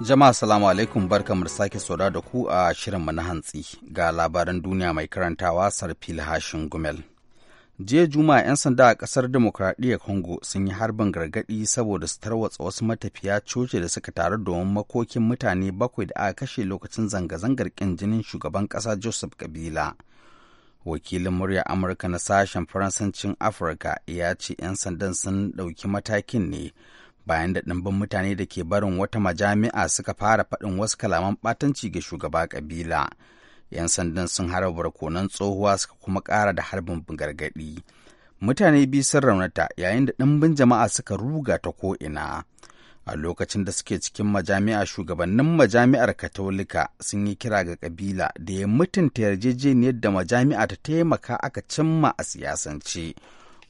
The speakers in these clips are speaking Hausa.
Jama'a salamu alaikum bar da sake sauda da ku a shirinmu na hantsi ga labaran duniya mai karantawa Sarfil Hashin Gumel. Jiya Juma'a 'yan sanda a kasar Demokradiyyar Congo sun yi harbin gargaɗi saboda su tarwatsa wasu matafiya coci da suka taru domin makokin mutane bakwai da aka kashe lokacin zanga-zangar ƙin jinin shugaban ƙasa Joseph Kabila. Wakilin murya Amurka na sashen Faransancin Afirka ya ce 'yan sandan sun ɗauki matakin ne bayan da ɗimbin mutane da ke barin wata majami'a suka fara faɗin wasu kalaman ɓatanci ga shugaba kabila 'yan sandan sun harba barkonan tsohuwa suka kuma ƙara da harbin gargaɗi mutane biyu sun raunata yayin da ɗimbin jama'a suka ruga ta ko'ina a lokacin da suke cikin majami'a shugabannin majami'ar katolika sun yi kira ga kabila da ya mutunta yarjejeniyar da majami'a ta taimaka aka cimma a siyasance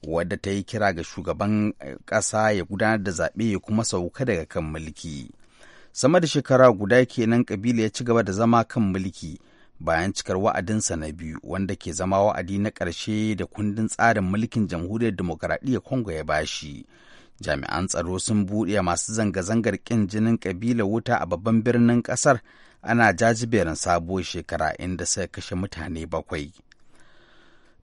wadda ta yi kira ga shugaban eh, ƙasa ya gudanar da zaɓe ya kuma sauka daga kan mulki. Sama da shekara guda kenan ƙabila ya ci gaba da zama kan mulki bayan cikar wa'adinsa na biyu wanda ke zama wa'adi na ƙarshe da kundin tsarin mulkin jamhuriyar demokaradiyyar Congo ya bashi. Jami'an tsaro sun buɗe masu zanga-zangar ƙin jinin kabila wuta a babban birnin ƙasar ana jajiberin sabuwar shekara inda suka kashe mutane bakwai.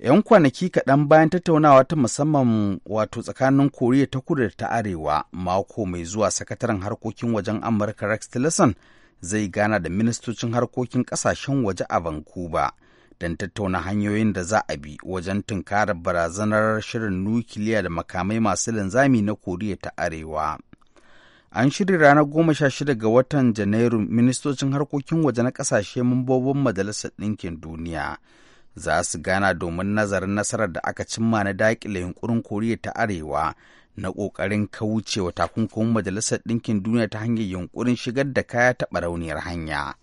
'yan kwanaki kaɗan bayan tattaunawa ta musamman wato tsakanin koriya ta kudu da ta arewa mako mai zuwa sakataren harkokin wajen amurka rex tillerson zai gana da ministocin harkokin ƙasashen waje a vancouver don tattauna hanyoyin da za a bi wajen tunkarar barazanar shirin nukiliya da makamai masu linzami na koriya ta arewa an shirya ranar goma sha shida ga watan janairu ministocin harkokin waje na ƙasashe mambobin majalisar ɗinkin duniya za su gana domin nazarin nasarar da aka cimma na daƙile yunkurin koriya ta arewa na ƙoƙarin kaucewa takunkumin majalisar ɗinkin duniya ta hanyar yunkurin shigar da kaya ta barauniyar hanya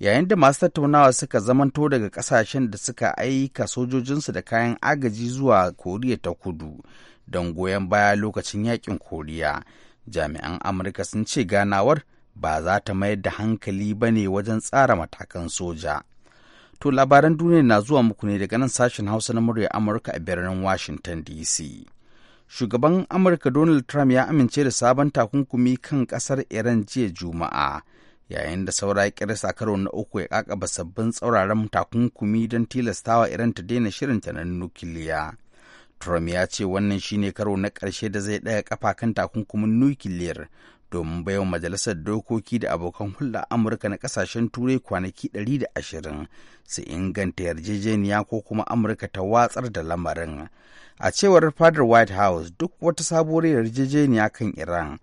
yayin da masu tattaunawa suka zamanto daga ƙasashen da suka aika sojojinsu da kayan agaji zuwa koriya ta kudu don goyon baya lokacin yakin koriya jami'an amurka sun ce ganawar ba za ta mayar da hankali ba ne wajen tsara matakan soja To labaran duniya na zuwa muku ne daga nan sashen Hausa na murya Amurka a birnin Washington DC. Shugaban Amurka Donald Trump ya amince da sabon takunkumi kan kasar Iran jiya Juma'a, yayin da saura ya karo na uku ya kakaba sabbin tsauraran takunkumi don tilastawa Iran ta daina shirinta na nukiliya. Trump ya ce wannan shine karo na ƙarshe da zai ɗaya kafa kan takunkumin nukiliyar domin bayan majalisar dokoki da abokan hulɗa amurka na ƙasashen turai kwanaki 120 su inganta yarjejeniya ko kuma amurka ta watsar da lamarin a cewar fadar white house duk wata sabuwar yarjejeniya kan iran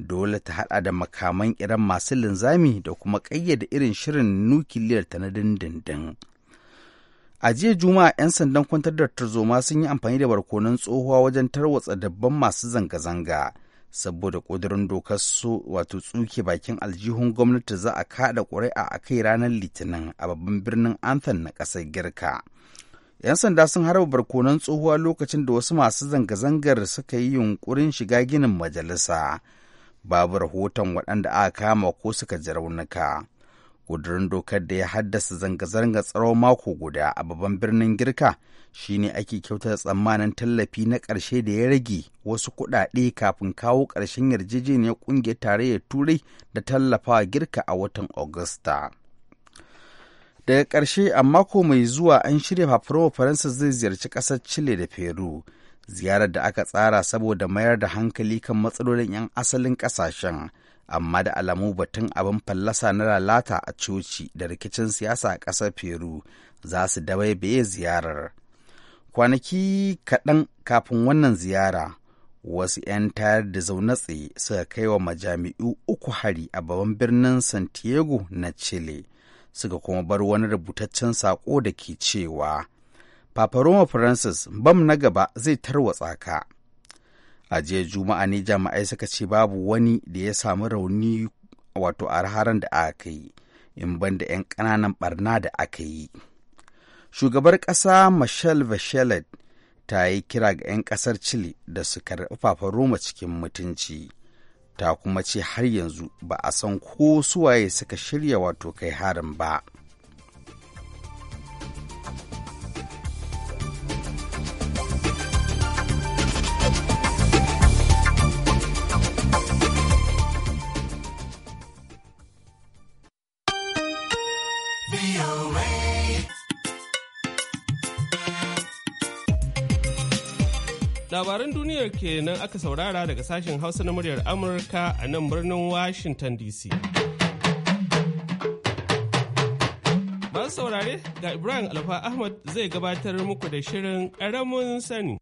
dole ta hada da makaman iran masu linzami da kuma ƙayyade irin shirin nukiliyar ta na dindindin a jiya juma'a 'yan sandan kwantar da tarzoma sun yi amfani da barkonon tsohuwa wajen tarwatsa dabban masu zanga-zanga saboda ƙudurin dokar su wato tsuke bakin aljihun gwamnati za a kada ƙuri'a a kai ranar litinin a babban birnin anthem na ƙasar girka 'yan sanda sun harba barkonan tsohuwa lokacin da wasu masu zanga-zangar suka yi yunkurin shiga ginin majalisa babu rahoton waɗanda aka kama ko suka ji raunuka ƙudurin dokar da ya haddasa zanga-zangar tsawon mako guda a babban birnin girka shi ne ake kyautar tsammanin tallafi na ƙarshe da ya rage wasu kuɗaɗe kafin kawo ƙarshen yarjejeniyar ƙungiyar tarayyar turai da tallafawa girka a watan Agusta. daga ƙarshe a mako mai zuwa an shirya fafarowar faransa zai ziyarci ƙasar chile da peru ziyarar da aka tsara saboda mayar da hankali kan matsalolin 'yan asalin ƙasashen amma da alamu batun abin fallasa na lalata a coci da rikicin siyasa a ƙasar peru za su dabaibaye ziyarar kwanaki kaɗan kafin wannan ziyara wasu 'yan tayar da zaune tsaye suka kai wa majami'u uku hari a babban birnin santiago na chile suka kuma bar wani rubutaccen saƙo da ke cewa papa roma francis bam na gaba zai tarwatsa ka a jiya juma'a ne jami'ai suka ce babu wani da ya samu rauni wato a da aka yi in banda 'yan ƙananan barna da aka yi shugabar ƙasa michelle bachelet ta yi kira ga 'yan ƙasar chile da su karɓi fafaroma cikin mutunci ta kuma ce har yanzu ba a san ko suwaye suka shirya wato kai harin ba. kenan aka saurara daga sashen Hausa na muryar Amurka a nan birnin Washington DC. Masu saurare ga Ibrahim Alfa Ahmad zai gabatar muku da shirin ƙaramin sani.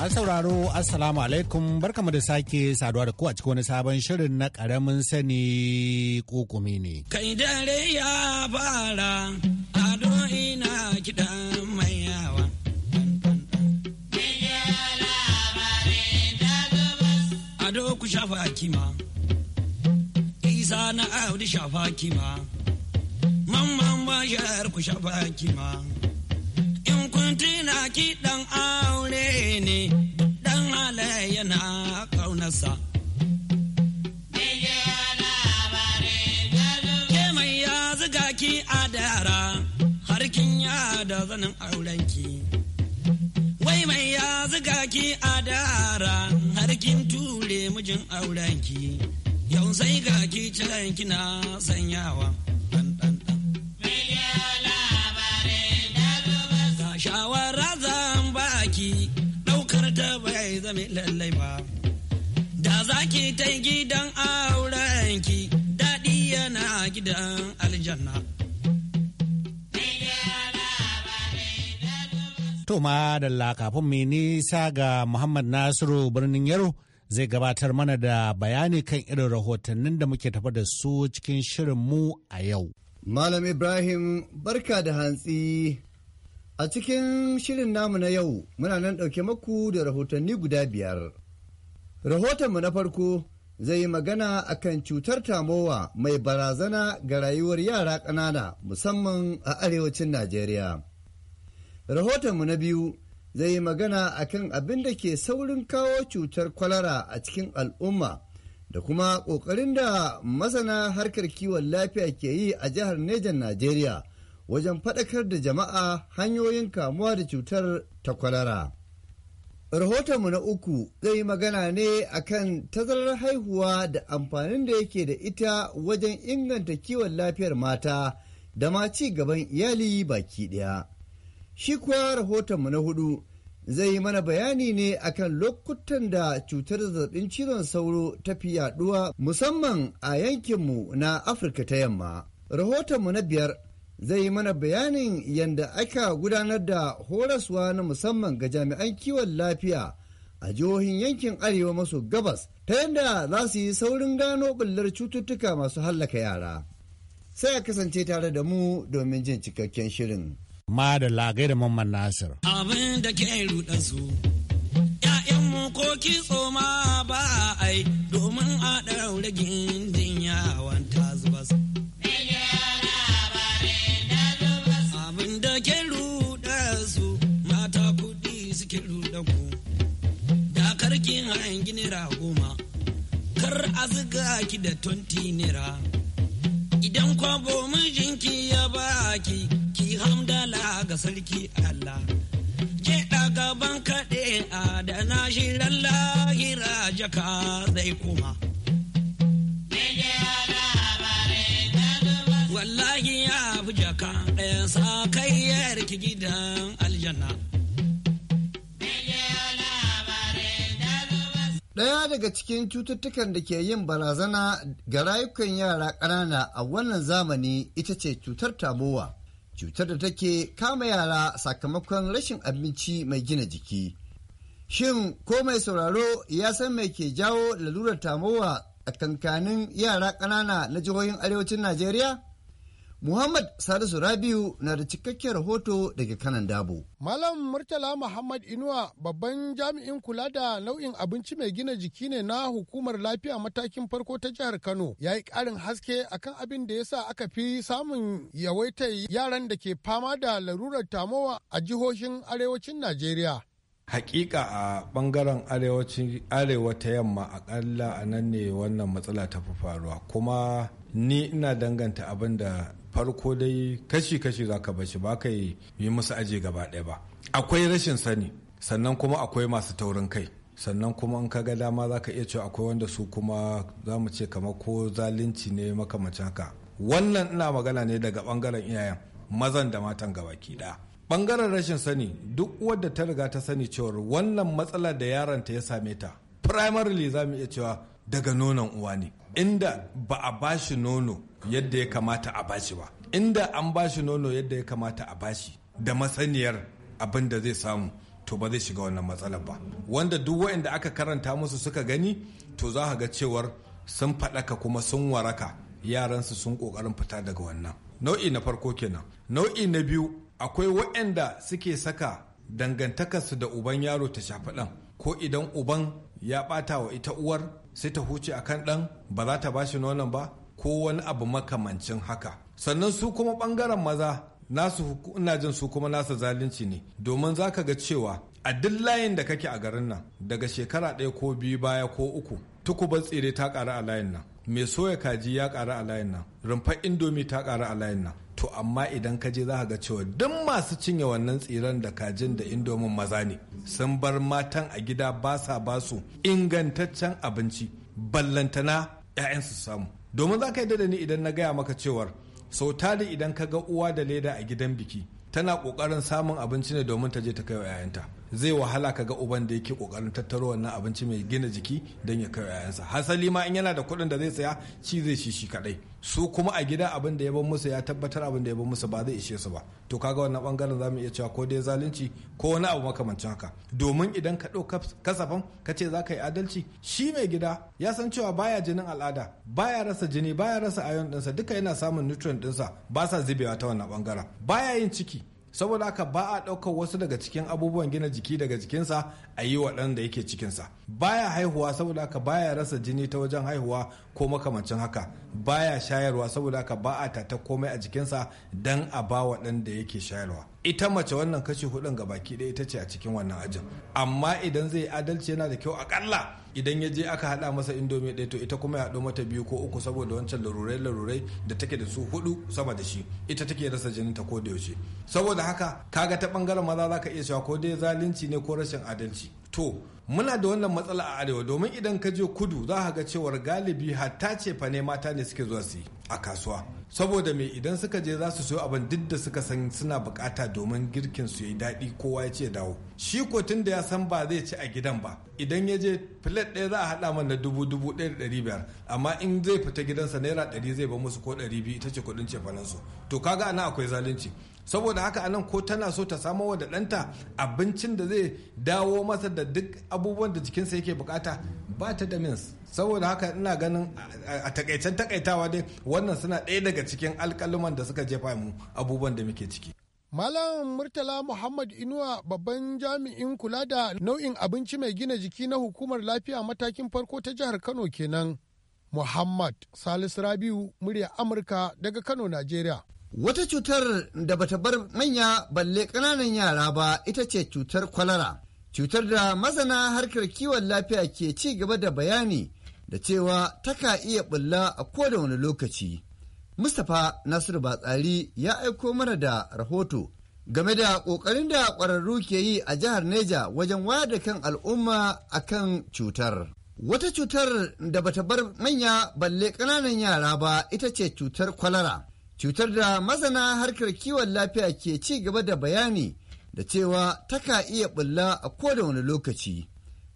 An sauraro Assalamu alaikum barkamu da sake saduwa da ku a wani sabon shirin na karamin sani kokumi ne. Kai dare ya fara ado ina kiɗan mai yawa. Ado ku shafa kima, Isa na Audu shafa kima, Mamman Bashar ku shafa kima. in kuntina tuna kiɗan aure ne dan ala yana ƙaunarsa. mai ya ki a dara ya da zanen aurenki. Wai mai ya zuga ki a dara harkin ture mijin aurenki. Yau sai ga ki can kina sanyawa. kai zame lallai ba. Da za ki ta gidan ki daɗi yana gidan aljanna. To ma da kafin mai nisa ga Muhammad Nasiru birnin Yaro zai gabatar mana da bayani kan irin rahotannin da muke tafa da su cikin shirin mu a yau. Malam Ibrahim barka da hantsi. A cikin shirin namu na yau muna nan ɗauke maku da rahotanni guda biyar. Rahotonmu na farko zai yi magana a kan cutar tamowa mai barazana ga rayuwar yara ƙanana musamman a arewacin Najeriya. Rahotonmu na biyu zai yi magana a kan abin da ke saurin kawo cutar kwalara a cikin al'umma da kuma ƙoƙarin da masana harkar kiwon lafiya ke yi a jihar Nejan Najeriya. wajen faɗakar da jama'a hanyoyin kamuwa da cutar ta kwalara. Rahotonmu na uku zai yi magana ne akan tazarar haihuwa da amfanin da yake da ita wajen inganta kiwon lafiyar mata da ma ci gaban iyali baki ɗaya. Shi kuwa rahotonmu na hudu zai yi mana bayani ne akan lokutan da cutar zazzabin cizon sauro ta fi yaduwa musamman a yankinmu na Afirka ta yamma. Rahotonmu na biyar zai yi mana bayanin yadda aka gudanar da horaswa na musamman ga jami'an kiwon lafiya a jihohin yankin arewa maso gabas ta yadda za su yi saurin gano ɓullar cututtuka masu hallaka yara sai a kasance tare da mu domin jin cikakken shirin ma da lagai da mamman nasir abin da ke ruɗa su ‘ya'yanmu ko kitso ma ba ai domin a ɗaure gindin yawan zuga ki da tonti nera. idan kwabo mijinki ya baki ki hamdala ga sarki Allah ke gaban kaɗe a da na shi lallahi jaka zai koma wallahi ya fi jaka ɗaya sa kai yarki gidan aljanna Ɗaya daga cikin cututtukan da ke yin barazana ga rayukan yara ƙanana a wannan zamani ita ce cutar tamowa. Cutar da take kama yara sakamakon rashin abinci mai gina jiki. Shin ko mai sauraro ya san mai ke jawo lalurar tamowa a kankanin yara ƙanana na jihohin arewacin Najeriya? Muhammad Salisu Rabiu na da cikakken rahoto daga kanan dabo. Malam Murtala Muhammad Inuwa babban jami'in kula da nau'in abinci mai gina jiki ne na hukumar lafiya matakin farko ta jihar Kano ya yi ƙarin haske akan abin da yasa aka fi samun yawaita yaran da ke fama da larurar tamowa a jihohin arewacin Najeriya. hakika a bangaren arewa ta yamma akalla a nan ne wannan matsala ta fi faruwa kuma ni ina danganta abin da farko dai kashi-kashi za ka bashi ba ka yi musu aji gaba ɗaya ba akwai rashin sani sannan kuma akwai masu taurin kai sannan kuma in ka ga dama za ka iya cewa akwai wanda su kuma za mu ce kamar ko zalunci ne makamacin haka wannan ina magana ne daga bangaren iyayen mazan da matan gabaki ɗaya bangaren rashin sani duk wadda ta riga ta sani cewar wannan matsalar da yaronta ya same ta primarily za mu iya cewa daga nonon uwa ne inda ba a bashi nono yadda ya kamata a bashi ba inda an bashi nono yadda ya kamata a bashi da masaniyar abin da zai samu to ba zai shiga wannan matsalar ba wanda duk wa'inda aka karanta musu suka gani to za ga cewar sun faɗaka kuma sun waraka yaransu sun ƙoƙarin fita daga wannan nau'i na farko kenan nau'i na biyu akwai waɗanda suke saka dangantakarsu da uban yaro ta shafi ɗan ko idan uban ya ɓata wa ita uwar sai ta huce a kan ɗan ba za ta bashi nonon ba ko wani abu makamancin haka sannan su kuma ɓangaren maza nasu ina jin su kuma nasa zalunci ne domin za ka ga cewa a duk layin da kake a garin nan daga shekara ɗaya ko biyu baya ko uku tuku tukubar tsire ta ƙara a layin nan mai soya kaji ya ƙara a layin nan rumfar indomi ta ƙara a layin nan to amma idan ka je za ka ga cewa duk masu cinye wannan tsiran da kajin da indomin maza ne sun bar matan a gida ba sa ba su ingantaccen abinci ballantana 'ya'yansu samu domin za ka yi da ni idan na gaya maka cewar sau tari idan ka ga uwa da leda a gidan biki tana kokarin samun abinci ne domin ta je ta kai wa 'ya'yanta zai wahala ka ga uban da yake kokarin tattaro wannan abinci mai gina jiki don ya kai yayansa hasali ma in yana da kuɗin da zai saya ci zai shi shi kadai su kuma a gida abin da ya bar musu ya tabbatar abin da ya bar musu ba zai ishe su ba to kaga wannan bangaren zamu iya cewa ko dai zalunci ko wani abu makamancin haka domin idan ka ɗauka kasafan ka ce za ka yi adalci shi mai gida ya san cewa baya jinin al'ada baya rasa jini baya rasa ayon ɗinsa duka yana samun nutrient ɗinsa ba sa zubewa ta wannan bangaren baya yin ciki saboda haka ba a ɗaukar wasu daga cikin abubuwan gina jiki daga jikinsa a yi waɗanda yake cikinsa baya haihuwa saboda haka baya rasa jini ta wajen haihuwa ko makamancin haka baya shayarwa saboda haka ba a tata komai a jikinsa don a ba wa ɗan da yake shayarwa ita mace wannan kashi hudun ga baki ɗaya ita ce a cikin wannan ajin amma idan zai adalci yana da kyau akalla idan ya je aka haɗa masa indomie ɗaya to ita kuma ya haɗo mata biyu ko uku saboda wancan larurai larurai da take da su hudu sama da shi ita take rasa jinin ta ko da yaushe saboda haka kaga ta bangaren maza zaka iya cewa ko dai zalunci ne ko rashin adalci to muna da wannan matsala a arewa domin idan ka je kudu za ka ga cewar galibi hatta ce fa ne mata ne suke zuwa su yi a kasuwa saboda me idan suka je za su siyo abin duk da suka san suna bukata domin girkin su yi daɗi kowa ya ce dawo shi ko tun da ya san ba zai ci a gidan ba idan ya je filet ɗaya za a haɗa mana dubu dubu ɗaya da ɗari biyar amma in zai fita gidansa naira ɗari zai ba musu ko ɗari biyu ita ce kuɗin cefanen su to kaga ana akwai zalunci saboda haka anan ko tana so ta samo wa da ɗanta abincin da zai dawo masa da duk abubuwan da jikinsa yake bukata ba ta da mins saboda haka ina ganin a takaicen takaitawa dai wannan suna ɗaya daga cikin alƙaluman da suka jefa mu abubuwan da muke ciki Malam Murtala Muhammad Inuwa babban jami'in kula da nau'in abinci mai gina jiki na hukumar lafiya matakin farko ta jihar Kano kenan. Muhammad Salisu Rabiu murya Amurka daga Kano, Najeriya. Wata cutar da bata bar manya balle ƙananan yara ba ita ce cutar kwalara. Cutar da masana harkar kiwon lafiya ke ci gaba da bayani da cewa ta ka iya bulla a koda wani lokaci. Mustapha Nasiru Batsari ya aiko mana da rahoto game da ƙoƙarin da ƙwararru ke yi a jihar Neja wajen wayar da kan al'umma a kan cutar. Wata cutar da bata bar manya balle ƙananan yara ba ita ce cutar kwalara. Cutar da mazana harkar kiwon lafiya ke ci gaba da bayani da cewa ta ka iya bulla a koda wani lokaci.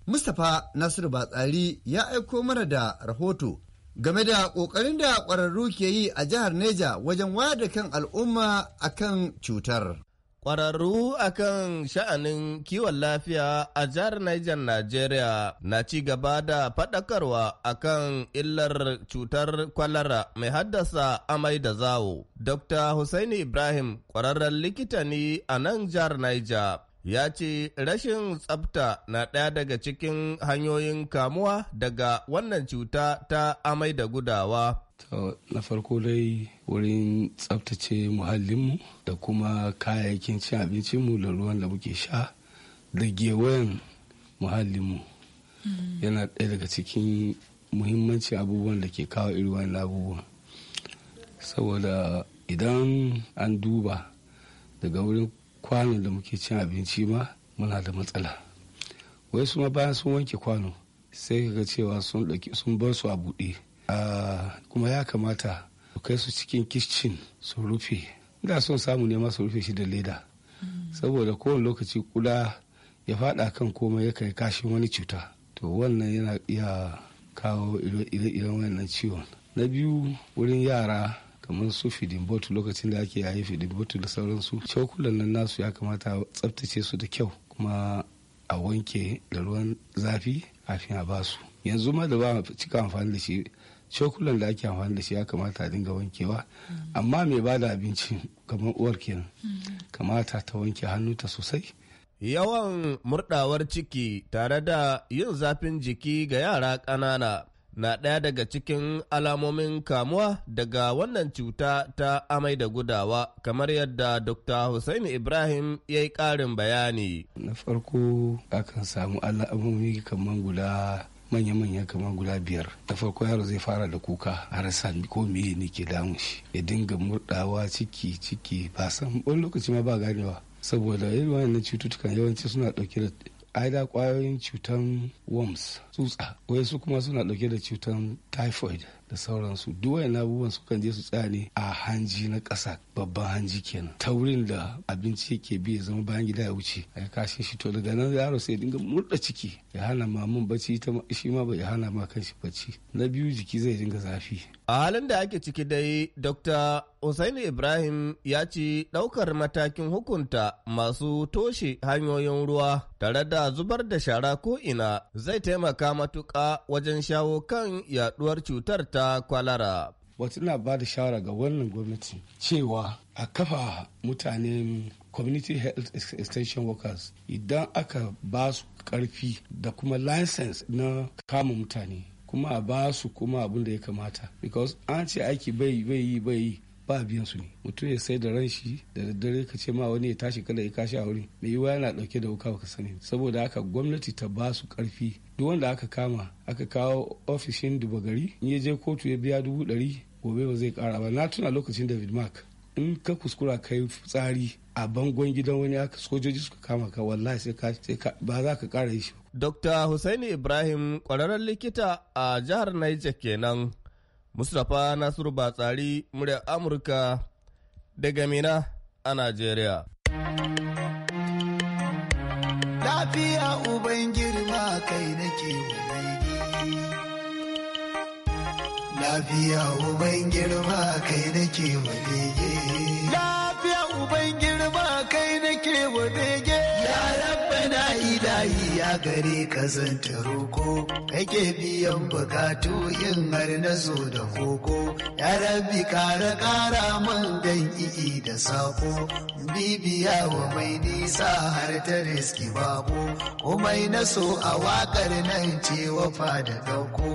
Mustapha Nasiru Batsari ya aiko mana da rahoto game da ƙoƙarin da ƙwararru ke yi a jihar Neja wajen wayar da kan al'umma akan cutar. Ƙwararru a kan sha'anin kiwon lafiya a jihar Niger Najeriya na ci gaba da faɗakarwa a kan illar cutar kwalara mai haddasa amai da zawo. Dr. Hussaini Ibrahim ƙwararren likita ne a nan jihar Niger. ya ce rashin tsafta na ɗaya daga cikin hanyoyin kamuwa daga wannan cuta ta amai da gudawa. na farko dai wurin tsaftace muhallinmu da kuma kayayyakin cin abincinmu da ruwan da muke sha da gewayen muhallinmu mm. yana ɗaya daga cikin muhimmancin abubuwan da ke kawo irin abubuwan saboda idan an duba daga wurin kwanon da muke cin abinci ma muna da matsala wai su ma bayan sun wanke kwano sai ga cewa sun ɗauki sun bar su a buɗe ah, kuma ya kamata su kai su cikin kicin su rufe da son samu ne su rufe shi da leda mm. saboda kowane lokaci kula ya faɗa kan komai ya kai kashin wani cuta to wannan yana iya kawo ire-iren wannan ciwon na biyu wurin yara kamar su fidin fidinbot lokacin da ake yayi fidinbot da sauransu cokulan nan nasu ya kamata a tsaftace su da kyau kuma a wanke da ruwan zafi kafin a ba su yanzu ma da ba cika amfani da shi cokulan da ake amfani da shi ya kamata a dinga wankewa mm. amma mai ba da abinci kamar uwar kenan mm. kamata ta wanke hannu ta sosai yawan murdawar ciki tare da yin zafin jiki ga yara ƙanana na ɗaya daga cikin alamomin kamuwa daga wannan cuta ta amai da gudawa kamar yadda dr Hussaini ibrahim ya yi ƙarin bayani na farko akan samu alamomi kamar guda manya-manya kamar guda biyar na farko yaro zai fara da kuka har san ko meye ne ke damun shi ya dinga murɗawa ciki ciki ba san wani lokaci ma ba ganewa saboda irin cututtukan yawanci suna ɗauke da aida kwayoyin cutan worms tsutsa su kuma suna dauke da cutan typhoid da sauransu duk na abubuwan sukan je su tsaya ne a hanji na ƙasa babban hanji kenan ta wurin da abinci yake bi ya zama bayan gida ya wuce a ya kashe shi to daga nan yaro sai dinga murda ciki ya hana mamun bacci shi ma bai hana ma shi bacci na biyu jiki zai dinga zafi A halin da ake ciki dai, Dr. Usaini Ibrahim ya ce ɗaukar matakin hukunta masu toshe hanyoyin ruwa tare da zubar da shara ko'ina zai taimaka matuƙa wajen shawo kan yaɗuwar cutar ta kwalara. Wata na ba da shawara ga wannan gwamnati cewa a kafa mutane community health extension workers idan aka ba su karfi da kuma license na kama mutane. kuma a ba su kuma abin da ya kamata because an ce aiki bai bai yi bai yi ba biyan su ne mutum ya sai da ran shi da daddare ka ce ma wani ya tashi kada ya kashi a wurin mai yiwuwa yana dauke da wuka baka sani saboda haka gwamnati ta ba su karfi duk wanda aka kama aka kawo ofishin duba gari in ya je kotu ya biya dubu dari gobe ba zai kara ba na tuna lokacin david mark in ka kuskura kai tsari a bangon gidan wani aka sojoji suka kama ka wallahi sai ka ba za ka kara yi shi Dr. Hussaini Ibrahim ƙwararren likita a jihar Niger kenan. Mustapha Nasiru Batsari muryar Amurka daga Mina a Najeriya. Lafiya uban girma kai nake Lafiya uban girma kai nake wadege. Lafiya uban girma kai nake wadege. Ya rabba na ilahi. gari ka zanta roko kake biyan bukatu yin har na zo da koko ya rabi kara kara man dan i'i da sako bibiya wa mai nisa har ta riski bako umai na so a wakar nan ce wafa da dauko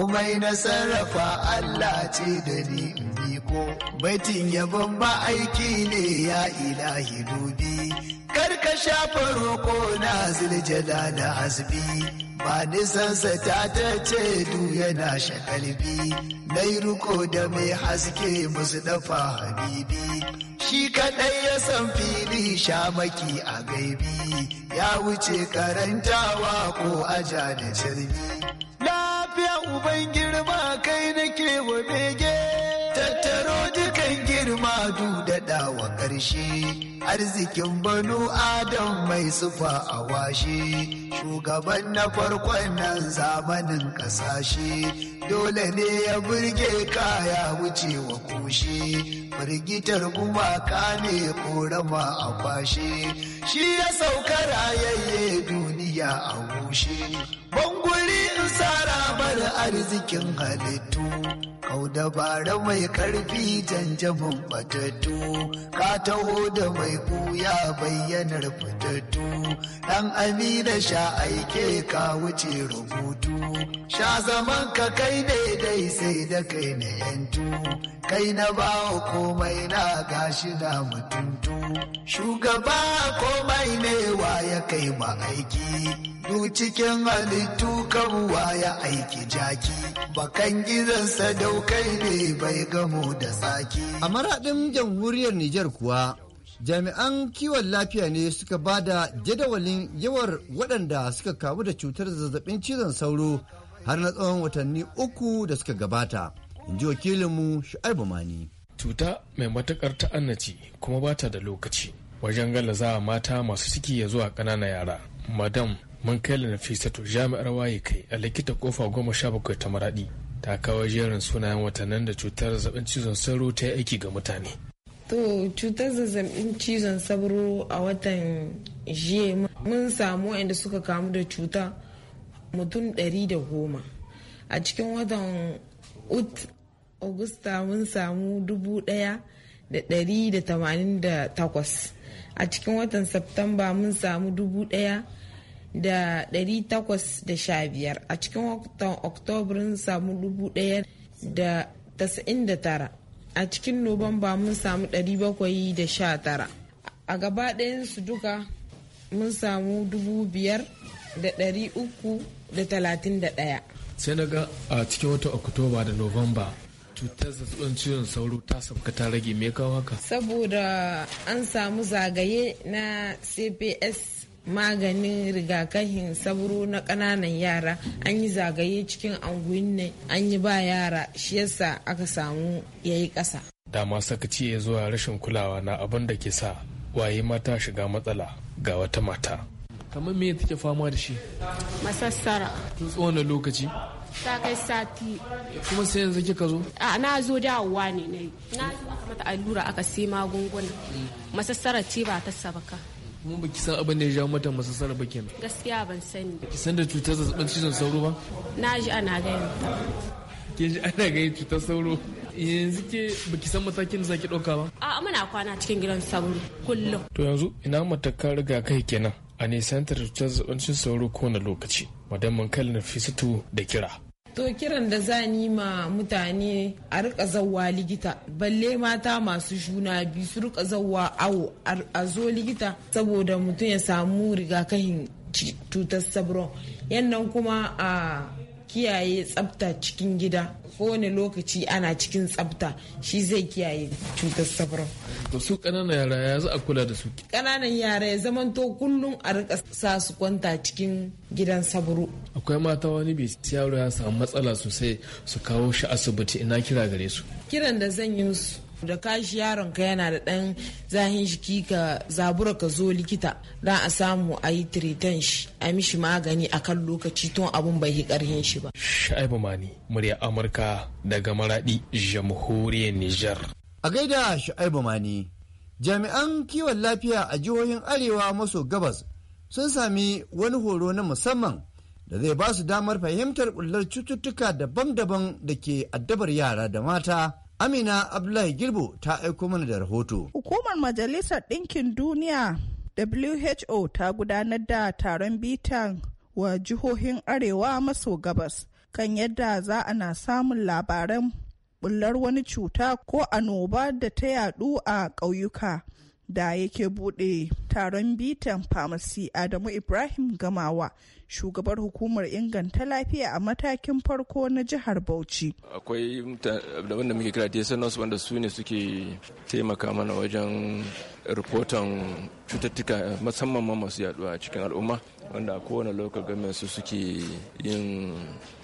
umai na sarrafa Allah ce da ni in biko baitin yabon ba aiki ne ya ilahi dubi kar ka shafa roko na da. da azbi ba nisansa ta ta ce du yana shakalbi nai ruko da mai haske musu dafa habibi shi kaɗai ya san fili shamaki a gaibi ya wuce karantawa ko aja da jirgi lafiya uban girma kai nake wa bege tattaro dukan girma du daɗawa ƙarshe arzikin banu adam mai sufa a washe shugaban na farkon nan zamanin kasashe dole ne ya burge kaya wa kushe firgitar gumaka ne korama a kwashe shi ya sauka rayayye duniya a wushe sara mana arzikin halittu kau dabara mai karfi janjamin batattu ka taho da mai kuya bayyanar fitattu dan amina sha aike ka wuce rubutu sha zaman ka kai dai, sai da kai na yantu kai na bawa komai na gashi na mutuntu shugaba komai ne wa ya kai ma aiki Duk cikin halittu kabuwa ya aiki jaki bakan gizansa daukai ne bai gamo da tsaki. A maraɗin jamhuriyar Nijar kuwa jami'an kiwon lafiya ne suka ba da jadawalin yawar waɗanda suka kamu da cutar zazzabin cizon sauro har na tsawon watanni uku da suka gabata. In ji wakilinmu Shu'aibu Mani. Cuta mai matuƙar ta'annaci kuma ba ta da lokaci wajen gallaza mata masu ciki ya zuwa ƙanana yara. Madam mun kai la nafisatu jami'ar waye kai a likita kofa goma sha bakwai ta maraɗi ta kawo jerin sunayen watannin da cutar zazzabin cizon sauro ta yi aiki ga mutane to cutar zazzabin cizon sauro a watan jiya mun samu waɗanda suka kamu da cuta mutum ɗari da goma a cikin watan ut augusta mun samu dubu ɗaya da ɗari da tamanin da takwas a cikin watan september mun samu dubu ɗaya da 815 a cikin watan oktoba samu 1,099 a cikin nobamba mun samu 719 a gaba su duka mun samu 5,331 sai na ga a cikin watan oktoba da nuwamba cutar zazzabin ciwon sauro ta sabka ta rage me kawo haka saboda an samu zagaye na cps maganin rigakafin sabro na ƙananan yara an yi zagaye cikin anguwannin an yi ba yara shi yasa aka samu ya yi ƙasa. dama sakaci ya zuwa rashin kulawa na abin da ke sa waye mata shiga matsala ga wata mata kamar me take fama da shi masassara tun tsawon lokaci ta kai sati kuma sai yanzu kika zo a na zo dawowa ne na yi na zo aka mata allura aka sai magunguna mm. masassara ce ba ta sabaka ba baki san abin da ya jawo mata masassara ba kenan gaskiya ban sani ki san da cutar zazzabin cizon sauro ba na ji ana gaya ke ji ana gani cutar sauro yanzu ke baki san matakin da zaki dauka ba a muna kwana cikin gidan sauro kullum to yanzu ina riga kai kenan a nisantar cutar zazzabin cizon sauro kowane lokaci madamman kalin fisitu da kira To kiran da za ni ma mutane a rika zawa likita balle mata masu juna biyu su rika zawa awo a zo likita saboda mutum ya samu rigakafin cutar sabron yannan kuma a ah, kiyaye tsafta cikin gida ko kowane lokaci ana cikin tsafta shi zai kiyaye cutar sabarau to su ƙananan yara ya za a kula da su ƙananan yara ya zamanto kullum a rika sa su kwanta cikin gidan sabro. akwai mata wani bai yaro ya samu matsala sosai su kawo shi asibiti ina kira gare su kiran da zan yi musu. da kashi yaron ka yana da ɗan zahin jiki ka zabura ka zo likita za a samu a yi tiritan shi a mishi magani a kan lokaci tun abun bai yi ƙarhin shi ba. Shaibu Mani, murya Amurka daga Maraɗi, Jamhuriyar Nijar. A gaida Shaibu Mani, jami'an kiwon lafiya a jihohin Arewa maso gabas sun sami wani horo na musamman da zai ba su damar fahimtar bullar cututtuka daban-daban da ke addabar yara da mata Amina Abdullahi Girbo ta aiko mana da rahoto. Hukumar Majalisar Ɗinkin Duniya WHO ta gudanar da taron bitan wa jihohin Arewa maso gabas kan yadda za a na samun labaran bullar wani cuta ko annoba da ta yadu a ƙauyuka da yake bude taron bitan famasi Adamu Ibrahim Gamawa shugabar hukumar inganta lafiya a matakin farko na jihar Bauchi. Akwai daban da muke kira DSN nasu wanda su ne suke taimaka mana wajen rahoton cututtuka musamman masu yaduwa a cikin al'umma wanda a kowane local government su suke yin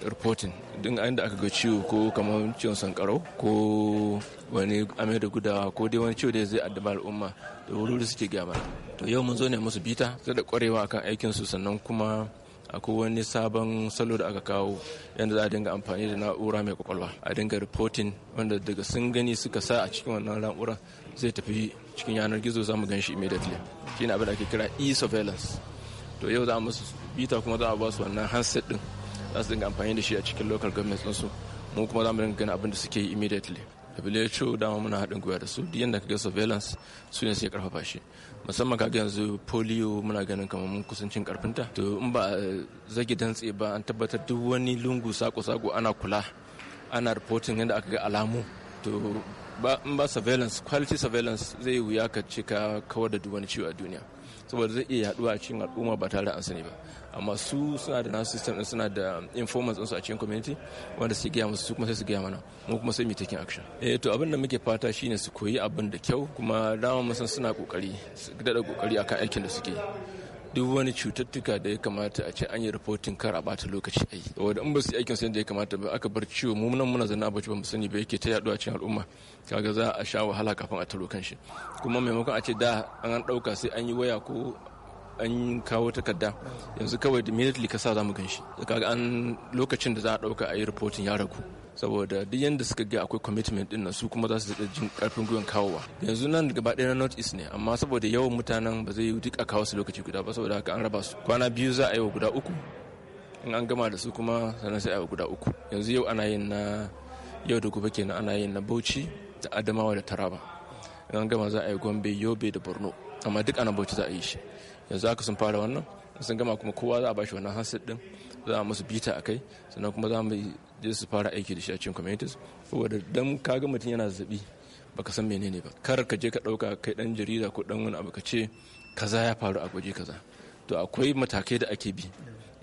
reporting din inda aka ga ciwo ko kamar ciwon sankarau ko wani amai da gudawa ko dai wani ciwo da zai addaba al'umma da wuri suke gyama to yau mun zo ne musu bita sai da kwarewa akan aikin su sannan kuma akwai wani sabon salo da aka kawo yadda za a dinga amfani da na'ura mai kwakwalwa a dinga reporting wanda daga sun gani suka sa a cikin wannan na'ura zai tafi cikin yanar gizo za mu gan shi immediately shine abin da ake kira e-surveillance to yau za mu bita kuma za a ba su wannan handset din za su dinga amfani da shi a cikin local government su mu kuma za mu dinga ganin abin da suke yi immediately WHO dama muna haɗin gwiwa da su duk yadda kaga surveillance su ne suke karfafa shi musamman kaga yanzu polio muna ganin kamar mun kusancin karfinta to in ba zagi dantse ba an tabbatar duk wani lungu sako-sako ana kula ana reporting yadda aka ga alamu to ba in ba surveillance quality surveillance zai wuya ka ce ka kawar da duk wani ciwo a duniya saboda zai iya yaduwa a cikin al'umma ba tare da an sani ba amma su suna da nasu system din suna da um, informants su a cikin community wanda su gaya musu su kuma sai su gaya mana mu kuma sai mu take action eh to abin da muke fata shine su koyi abin da kyau kuma dama mun san suna kokari su dada kokari akan aikin da suke duk wani cututtuka da ya kamata a ce an yi reporting kar a bata lokaci ai wanda in ba su aikin sai da ya kamata ba aka bar ciwo mu nan muna zanna ba ba mu sani ba yake ta yaduwa cikin al'umma kaga za a sha wahala kafin a taro kan kuma maimakon a ce da an ɗauka sai an yi waya ko an kawo takarda yanzu kawai da immediately ka sa zamu ganshi kaga an lokacin da za a dauka a yi reporting ya ragu saboda duk yadda suka ga akwai commitment din nan su kuma za su da jin karfin gwiwan kawowa yanzu nan gaba ɗaya na north east ne amma saboda yawan mutanen ba zai yi duk a kawo su lokaci guda ba saboda haka an raba su kwana biyu za a yi wa guda uku in an gama da su kuma sannan sai a yi wa guda uku yanzu yau ana yin na yau da gobe kenan ana yin na bauchi ta adamawa da taraba idan gama za a yi gombe yobe da borno amma duk ana bauchi za a yi shi yanzu aka sun fara wannan sun gama kuma kowa za a bashi wannan hanset din za a musu bita a kai sannan kuma za mu je su fara aiki da shi a cikin communities saboda dan ka ga mutum yana zabi baka san menene ba kar ka je ka dauka kai dan jarida ko dan wani abu ka ce kaza ya faru a waje kaza to akwai matakai da ake bi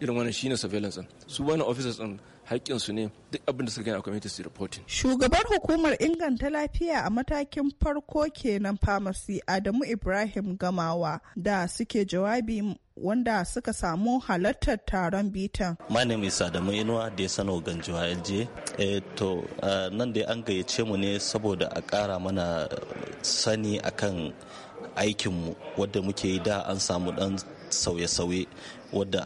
irin wannan shine surveillance su wani officers din haƙƙinsu ne duk abin da suka gani a community su reporting. Shugabar hukumar inganta lafiya a matakin farko kenan pharmacy Adamu Ibrahim Gamawa da suke jawabi wanda suka samu halartar taron bitan. My name is Adamu Inuwa da ya sano ganjuwa LJ. Eh, to nan dai an gayyace mu ne saboda a kara mana sani akan aikinmu wadda muke yi da an samu ɗan sauye-sauye wadda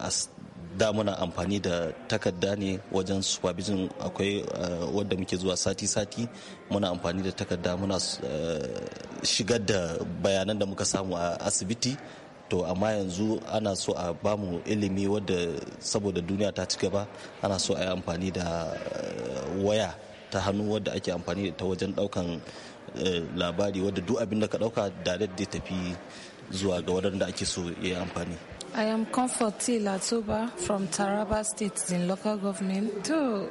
da muna amfani da takarda ne wajen supervision akwai eh, wadda muke zuwa sati-sati muna amfani da takarda muna eh, shigar da bayanan da muka samu a asibiti to amma yanzu ana so a bamu ilimi wadda saboda duniya ta ci gaba ana so a yi amfani da eh, waya ta hannu wadda ake amfani da ta wajen daukan labari wadda duk abin da ka dauka da tafi zuwa ga wadanda ake so ya yi amfani I am T. Latuba from Taraba State in local government. To,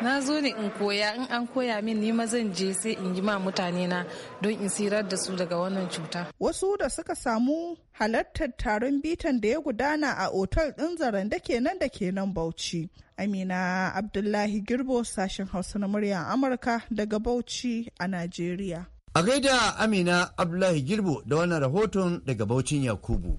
na zo ne in koya in an koya min ni ma zan je sai in yi ma mutane na don in sirar da su daga wannan cuta. Wasu da suka samu halartar taron bitan da ya gudana a otal ɗin zaren da nan da ke nan Bauchi. Amina Abdullahi Girbo sashen Hausa na muryar Amurka daga Bauchi a Najeriya. A gaida Amina Abdullahi Girbo da wannan rahoton daga bauchin Yakubu.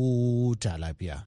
huta lafiya.